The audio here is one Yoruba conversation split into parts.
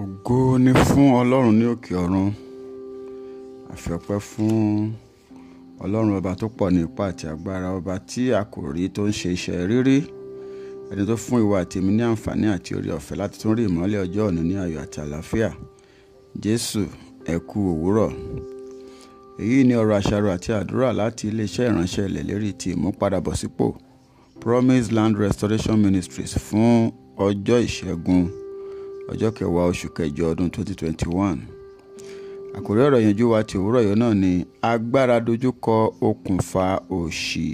Ògo ni fún Ọlọ́run ní òkè ọ̀run. Àfẹ́pẹ́ fún Ọlọ́run ọba tó pọ̀ ní ipá àti agbára ọba tí a kò rí tó ń ṣe iṣẹ́ rírí. Ẹni tó fún ìwà àti èmi ní àǹfààní àti oore ọ̀fẹ́ láti tún rí ìmọ́lẹ̀ ọjọ́ òní ní ayọ̀ àti àlàáfíà. Jésù ẹ òwúrọ̀. Èyí ni ọ̀rọ̀ àṣàrò àti àdúrà láti iléeṣẹ́ ìránṣẹ́ ilẹ̀ lérí ti ìmúpadàbọ̀sípò Promise Land Restoration Ministries fún ọjọ́ ìṣẹ́gun ọjọ́ kẹwàá oṣù kẹjọ ọdún 2021 àkórí ọ̀rọ̀ ìyànjú wa ti òwúrọ̀ yìí náà ni agbára dojúkọ okùnfà òṣì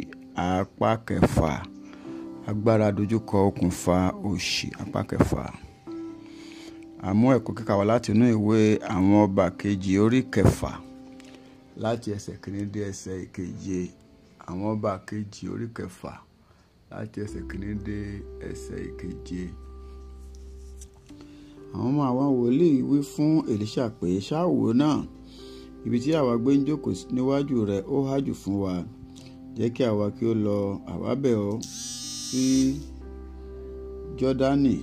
apá kẹfà agbára dojúkọ okùnfà òṣì apá kẹfà àmú ẹ̀kọ́ kíkà wá láti inú ìwé àwọn ọba kejì orí kẹfà láti ẹsẹ̀ kìíní dé ẹsẹ̀ ìkeje àwọn ọba kejì orí kẹfà láti ẹsẹ̀ kìíní dé ẹsẹ̀ ìkeje àwọn ọmọ àwọn wòlíì wí fún Èlíṣà pé ṣáàwó náà ibi tí àwa gbé ń jókòó níwájú rẹ̀ ó hájù fún wa jẹ́ kí àwa kí ó lọ àwa bẹ̀ ọ́ sí Jọ́dánì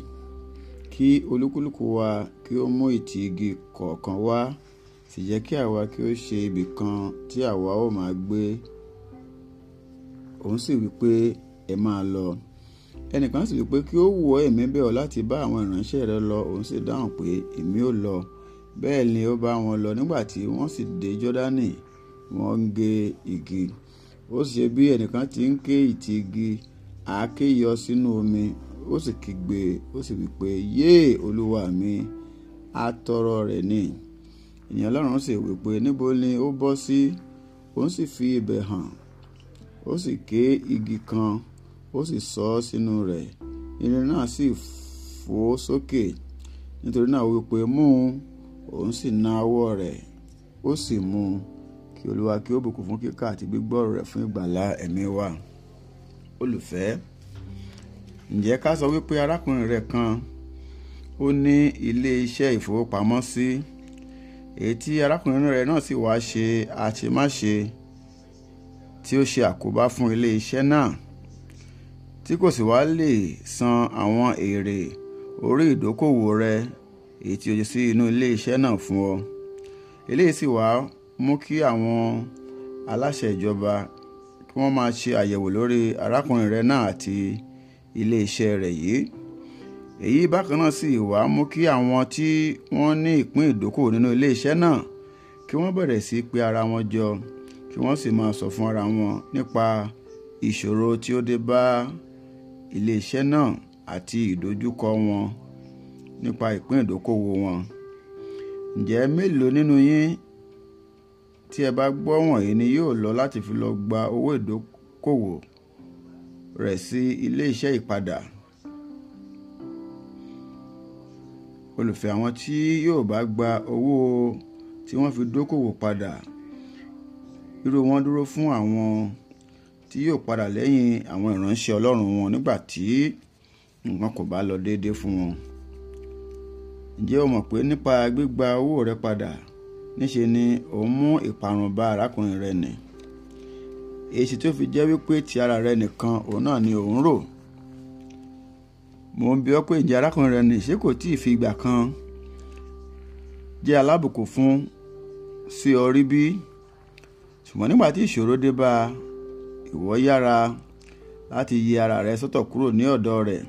kí olúkúlùkù wa kí ó mú ìtì igi kọ̀ọ̀kan wá sì jẹ́ kí àwa kí ó ṣe ibì tí àwa ó máa gbé òun sì wí pé ẹ máa lọ ẹnìkan sì wí pé kí ó wù ọ́ èmi bẹ̀ ọ́ láti bá àwọn ìránṣẹ́ rẹ lọ òun sì dáhùn pé èmi ò lọ bẹ́ẹ̀ ni ó bá wọn lọ nígbà tí wọ́n sì dé jọ́dánì wọ́n ń gé igi ó sì ṣe bí ẹnìkan ti ń ké ìtì igi àáké yọ sínú omi ó sì kígbe ó sì wí yéè olúwa mi àtọrọ rẹ̀ ni ènìyàn ọlọ́run sì wí níbo ni ó bọ́ sí òun sì fi ibẹ̀ hàn ó sì ké igi kan ó sì sọ ọ́ sínú rẹ̀ irin náà sì fò sókè nítorí náà wípé mú un òun sì na ọwọ́ rẹ̀ ó sì mú un kí olúwa kí ó bùkún fún kíkà àti gbígbọ́rọ̀ rẹ̀ fún ìgbàlá ẹ̀mí wa olùfẹ́ ǹjẹ́ ká sọ wípé arákùnrin rẹ̀ kan ó ní ilé iṣẹ́ ìfowópamọ́sí èyí tí arákùnrin rẹ̀ náà sì wá ṣe àṣemáṣe tí ó ṣe àkóbá fún ilé iṣẹ́ náà tí kò sì wá lè san àwọn èrè orí ìdókòwò rẹ èyí tí o jẹ sí inú ilé iṣẹ́ náà fún ọ eléyìí sì wá mú kí àwọn aláṣẹ ìjọba kí wọ́n máa ṣe àyẹ̀wò lórí arákùnrin rẹ náà àti ilé iṣẹ́ rẹ̀ yìí èyí bákan náà sì wá mú kí àwọn tí wọ́n ní ìpín ìdókòwò nínú ilé iṣẹ́ náà kí wọ́n bẹ̀rẹ̀ sí pe ara wọn jọ kí wọ́n sì máa sọ fún ara wọn nípa ìṣòro tí ó dé bá ilé-iṣẹ́ náà àti ìdojúkọ wọn nípa ìpín ìdókòwò wọn. Ǹjẹ́ mélòó nínú yín tí ẹ bá gbọ́ wọ̀nyí ni yóò lọ láti fi lọ gba owó ìdókòwò rẹ̀ sí ilé-iṣẹ́ ìpadà? Olùfẹ́ àwọn tí yóò bá gba owó tí wọ́n fi dókòwò padà irú wọn dúró fún àwọn tí yóò padà lẹ́yìn àwọn ìránṣẹ́ ọlọ́run wọn nígbà tí nǹkan kò bá lọ déédéé fún wọn. ǹjẹ́ o mọ̀ pé nípa gbígba owó rẹ padà níṣe ni ò ń mú ìparun bá arákùnrin rẹ nì. èsì tó fi jẹ́ wípé ti ara rẹ nìkan òun náà ni òun rò. mo ń bi ọ́ pé ǹjẹ́ arákùnrin rẹ nì ṣé kò tíì fi ìgbà kan jẹ́ alábùkún fún sí ọ rí bí ṣùgbọ́n nígbà tí ìṣòro dé bá a ìwọ yára láti yí ara rẹ sọ́tọ̀ kúrò ní ọ̀dọ̀ rẹ̀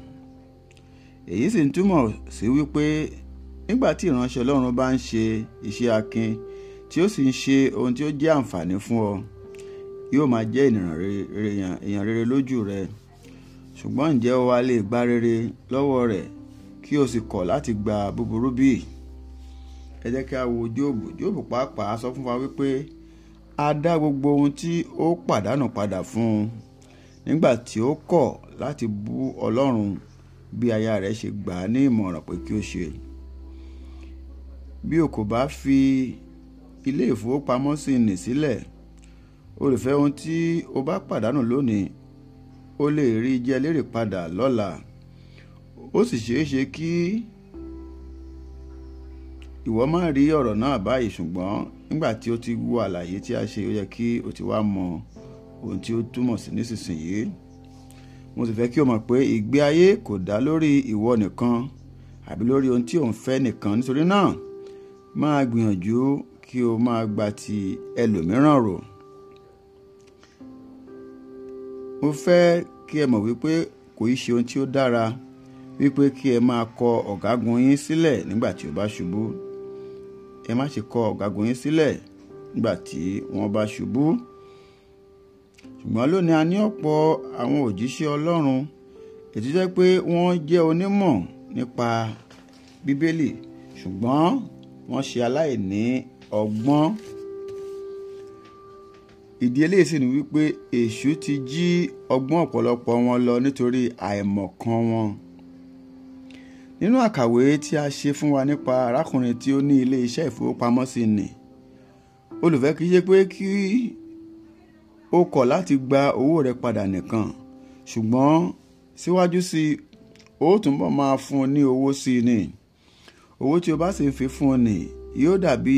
èyí sì ń túmọ̀ sí wípé nígbà tí ìránṣẹ́ ọlọ́run bá ń ṣe iṣẹ́ akin tí ó sì ń ṣe ohun tí ó jẹ́ àǹfààní fún ọ yóò máa jẹ́ èèyàn rere lójú rẹ ṣùgbọ́n ǹjẹ́ o wá lè gba rere lọ́wọ́ rẹ̀ kí o sì kọ̀ láti gba búburú bí ẹ jẹ́ kí a wo Jóòbù Jóòbù pàápàá sọ fún wa wípé a dá gbogbo ohun tí ó pàdánù padà fún un nígbà tí ó kọ̀ láti bú ọlọ́run bí aya rẹ̀ ṣe gbà á ní ìmọ̀ràn pé kí ó ṣe. bí o kò bá fi ilé ìfowópamọ́sí nì sílẹ̀ olùfẹ́ ohun tí o bá pàdánù lónìí o lè rí jẹ lérè padà lọ́la ó sì ṣeé ṣe kí ìwọ má rí ọ̀rọ̀ náà báyìí ṣùgbọ́n nígbà tí o ti wo àlàyé tí a ṣe ó yẹ kí o ti wá mọ ohun tí ó túmọ̀ sí nísinsìnyí mo sì fẹ́ kí o mọ̀ pé ìgbé ayé kò dá lórí ìwọ nìkan àbí lórí ohun tí ò ń fẹ́ nìkan nítorí náà máa gbìyànjú kí o máa gba ti ẹlòmíràn rò mo fẹ́ kí ẹ mọ̀ wípé kò í ṣe ohun tí ó dára wípé kí ẹ máa kọ ọ̀gágun yín sílẹ̀ nígbà tí ó bá ṣubú ẹ má ṣe kọ ọ̀gágun yín sílẹ̀ nígbà tí wọ́n bá ṣubú. ṣùgbọ́n lónìí a ní ọ̀pọ̀ àwọn òjíṣẹ́ ọlọ́run ètò jẹ́ pé wọ́n jẹ́ onímọ̀ nípa bíbélì ṣùgbọ́n wọ́n ṣe aláìní ọgbọ́n. ìdí eléyìí sì ni wípé èṣù ti jí ọgbọ́n ọ̀pọ̀lọpọ̀ wọn lọ nítorí àìmọ̀kan wọn nínú àkàwé tí a ṣe fún wa nípa arákùnrin tí ó ní ilé iṣẹ́ ìfowópamọ́sí nì olùfẹ́ kì í ṣe pé kí o kọ̀ láti gba owó rẹ padà nìkan ṣùgbọ́n síwájú sí i ó túnbọ̀ máa fún ọ ní owó sí i ni owó tí o bá sì ń fi fún ọ nì yóò dàbí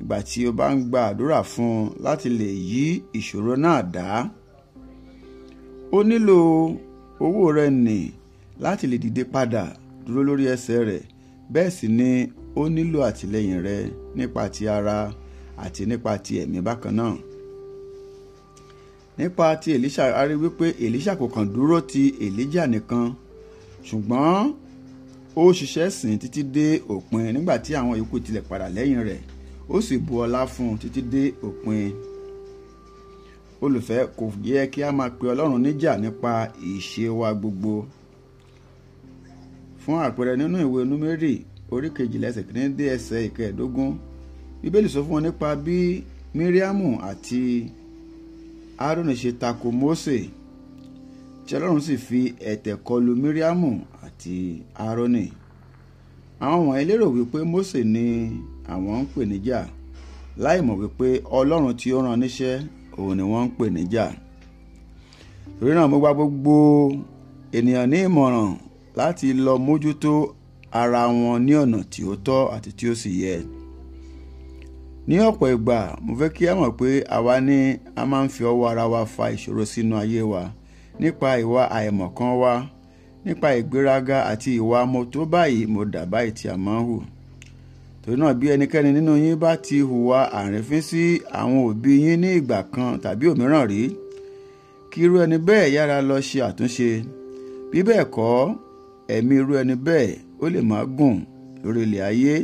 ìgbà tí o bá ń gba àdúrà fún un láti lè yí ìṣòro náà dá o nílò owó rẹ nì láti lè dìde padà dúró lórí ẹsẹ̀ rẹ̀ bẹ́ẹ̀ sì ni ó nílò àtìlẹ́yìn rẹ nípa ti ara àti nípa ti ẹ̀mí bákan náà nípa ti Èlíṣà a rí wípé Èlíṣà kò kàn dúró ti Èlíjà nìkan ṣùgbọ́n ó ṣiṣẹ́ sìn títí dé òpin nígbà tí àwọn yòókù tilẹ̀ padà lẹ́yìn rẹ̀ ó sì bu ọlá fún un títí dé òpin olùfẹ́ kò yẹ kí a máa pe Ọlọ́run níjà nípa ìṣe wa gbogbo fún àpẹẹrẹ nínú ìwé númérì orí kejìlá ẹsẹ̀ kìíní dé ẹsẹ̀ ìkẹẹ̀dógún bíbélì sọ fún wọn nípa bí míríámù àti aaroni ṣe tako mósè tí ọlọ́run sì fi ẹ̀tẹ̀ kọlù míríámù àti aaroni àwọn wọ̀nyí lérò wípé mósè ni àwọn ń pè níjà láì mọ̀ wípé ọlọ́run tí ó rán níṣẹ́ òun ni wọ́n ń pè níjà torí náà mo gba gbogbo ènìyàn ní ìmọ̀ràn láti lọ mójútó ara wọn ní ọ̀nà tí ó tọ́ àti tí ó sì yẹ. ní ọ̀pọ̀ ìgbà mo fẹ́ kí a mọ̀ pé àwa ni a máa ń fi ọwọ́ ara wa fa ìṣòro sínú ayé wa nípa ìwà àìmọ̀kan wa nípa ìgbéraga àti ìwà mo tó báyìí mo dà báyìí tí a máa ń hù torí náà bí ẹnikẹ́ni nínú yín bá ti hùwà àrífín sí àwọn òbí yín ní ìgbà kan tàbí òmíràn rí kí irú ẹni bẹ́ẹ̀ yára lọ ṣe àtúnṣe bí bẹ́ẹ̀ kọ́ ẹ̀mí irú ẹni bẹ́ẹ̀ ó lè máa gùn lórí ilẹ̀ ayé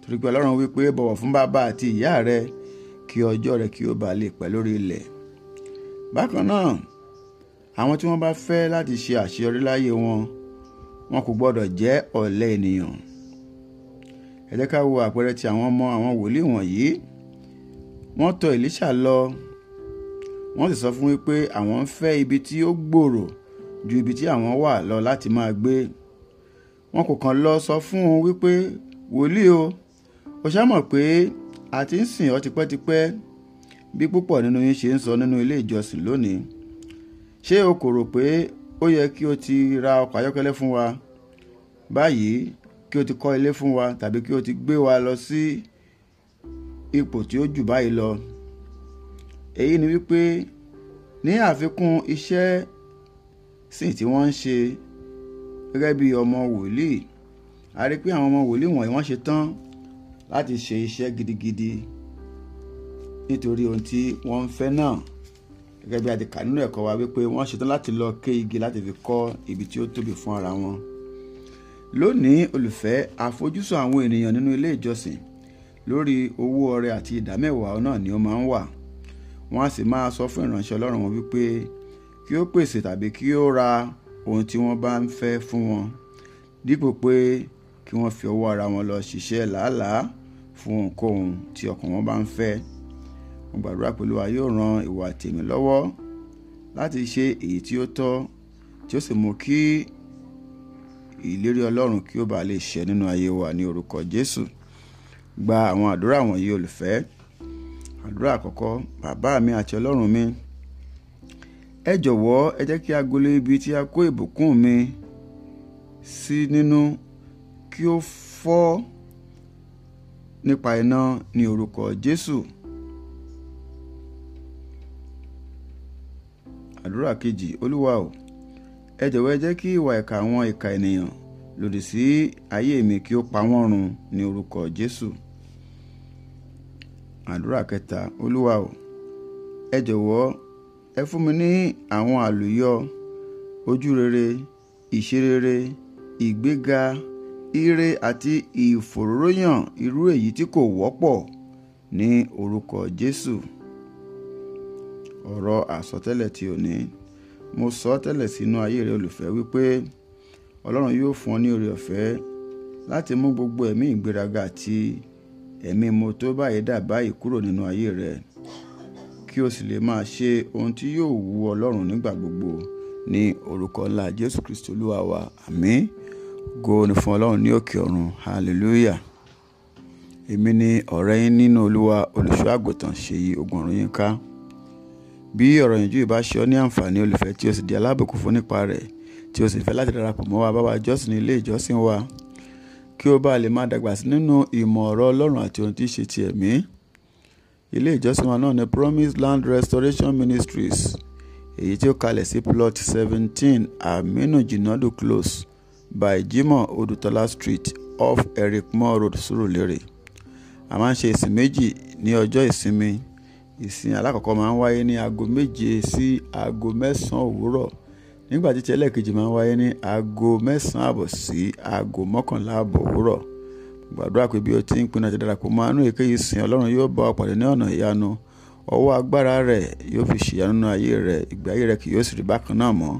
torí pé ọlọ́run wípé bọ̀wọ̀ fún bàbá àti ìyá rẹ kí ọjọ́ rẹ kí ó bá lè pẹ́ lórí ilẹ̀ bákan náà àwọn tí wọ́n bá fẹ́ láti ṣe àṣeyọrí láyé wọn wọn kò gbọ́dọ̀ jẹ́ ọ̀lẹ ènìyàn ẹ jẹ́ ká wo àpẹẹrẹ ti àwọn ọmọ àwọn wòlíì wọ̀nyí wọ́n tọ̀ Èlíṣà lọ wọ́n sì sọ fún wípé àwọn ń fẹ́ ibi tí ó gbòòrò ju ibi tí àwọn wà lọ láti máa gbé wọn kò kàn lọ sọ fún un wípé wòlíì o ó ṣàmọ̀ pé a ti ń sìn ọ́ tipẹ́tipẹ́ bí púpọ̀ nínú yín ṣe ń sọ nínú ilé ìjọsìn lónìí ṣé o kò rò pé ó yẹ kí o ti ra ọkọ̀ ayọ́kẹ́lẹ́ fún wa báyìí kí o ti kọ́ ilé fún wa tàbí kí o ti gbé wa lọ sí ipò tí ó jù báyìí lọ èyí ni wípé ní àfikún iṣẹ́ sí tí wọ́n ń ṣe gẹ́gẹ́ bí ọmọ wòlíì a rí pé àwọn ọmọ wòlíì wọ̀nyí wọ́n ṣe tán láti ṣe iṣẹ́ gidigidi nítorí ohun tí wọ́n ń fẹ́ náà gẹ́gẹ́ bí a ti kà nínú ẹ̀kọ́ wa wípé wọ́n ṣetán láti lọ ké igi láti fi kọ́ ibi tí ó tóbi fún ara wọn. lónìí olùfẹ́ àfojúsùn àwọn ènìyàn nínú ilé ìjọsìn lórí owó ọrẹ àti ìdámẹ́wàá náà ni ó máa ń wà wọ́n á sì máa sọ fún ìránṣẹ́ ọlọ́run wọn wípé kí ó pèsè tàbí kí ó ra ohun tí wọ́n bá ń fẹ́ fún wọn dípò pé kí wọ́n fi ọwọ́ ara wọn lọ ṣiṣẹ́ làálàá fún ohunkóhun tí ọkàn wọn bá ń fẹ́ mo gbàdúrà pé Olúwa yóò ran ìwà tèmi lọ́wọ́ láti ṣe èyí tí ó tọ́ tí ó sì mú kí ìlérí Ọlọ́run kí ó bá lè ṣẹ nínú ayé wa ní orúkọ Jésù gba àwọn àdúrà wọ̀nyí olùfẹ́ àdúrà àkọ́kọ́ bàbá mi àti Ọlọ́run mi ẹ jọ̀wọ́ ẹ jẹ́ kí agolo ibi tí a kó ìbùkún mi sí nínú kí ó fọ́ nípa iná ní orúkọ Jésù. àdúrà kejì olúwa o ẹ jọ̀wọ́ ẹ jẹ́ kí ìwà ìkà àwọn ìkà ènìyàn lòdì sí ayé mi kí ó pa wọ́n run ní orúkọ Jésù. àdúrà kẹta olúwa o ẹ jọ̀wọ́ ẹ fún mi ní àwọn àlùyọ ojú ìṣerere ìgbéga ire àti ìfòróróyàn irú èyí tí kò wọ́pọ̀ ní orúkọ Jésù ọ̀rọ̀ àsọtẹ́lẹ̀ tí òní mo sọ tẹ́lẹ̀ sínú ayé rẹ olùfẹ́ wípé Ọlọ́run yóò fún ọ ní oore ọ̀fẹ́ láti mú gbogbo ẹ̀mí ìgbéraga àti ẹ̀mí mo tó báyìí dà báyìí kúrò nínú ayé rẹ kí o sì lè máa ṣe ohun tí yóò wu ọlọ́run nígbà gbogbo ní orúkọ ńlá jésù kristu olúwa wa àmín ògo fún ọlọ́run ní òkè ọ̀run hallelujah èmi ni ọ̀rẹ́ yín nínú olúwa olùṣọ́ àgùntàn ṣèyí ogun ọ̀run yín ká bí ọ̀rọ̀ yìí bá ṣe ọ́ ní àǹfààní olùfẹ́ tí o sì di alábòkún fún nípa rẹ̀ tí o sì fẹ́ láti darapọ̀ mọ́ wa bá jọ́sìn ní ilé ìjọsìn wa kí o bá lè máa dàgbà sí nínú ìmọ̀ ọ̀rọ̀ ọlọ́run àti ohun tí í ṣe ti ẹ̀mí ilé ìjọsìn wa náà ni promise land restoration ministries èyí tí ó kalẹ̀ sí plot seventeen aminu jinadu close by jimoh odutola street off eric moore road surulere a máa ń ṣe ìsìn méjì ní ọjọ́ ìsinmi ìsìn alákọ̀ọ́kọ́ máa ń wáyé ní aago méje sí aago mẹ́sàn-án òwúrọ̀ nígbà tí ẹlẹ́ẹ̀kejì máa ń wáyé ní aago mẹ́sàn-án àbọ̀ sí aago mọ́kànlá àbọ̀ òwúrọ̀ gbàdúrà pé bí o ti ń pinnu àti darapọ̀ mọ́ àánú èkéyìí sìn ọlọ́run yóò bá ọ pàdé ní ọ̀nà ìyanu ọwọ́ agbára rẹ̀ yóò fi ṣèyanu nínú ayé rẹ̀ ìgbé ayé rẹ̀ kì yóò sì rí bákan náà mọ́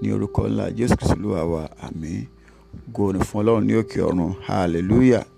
ní orúkọ ńlá jésù kìsìlúwà wa àmín góòlù fún ọlọ́run ní òkè ọ̀run hallelujah.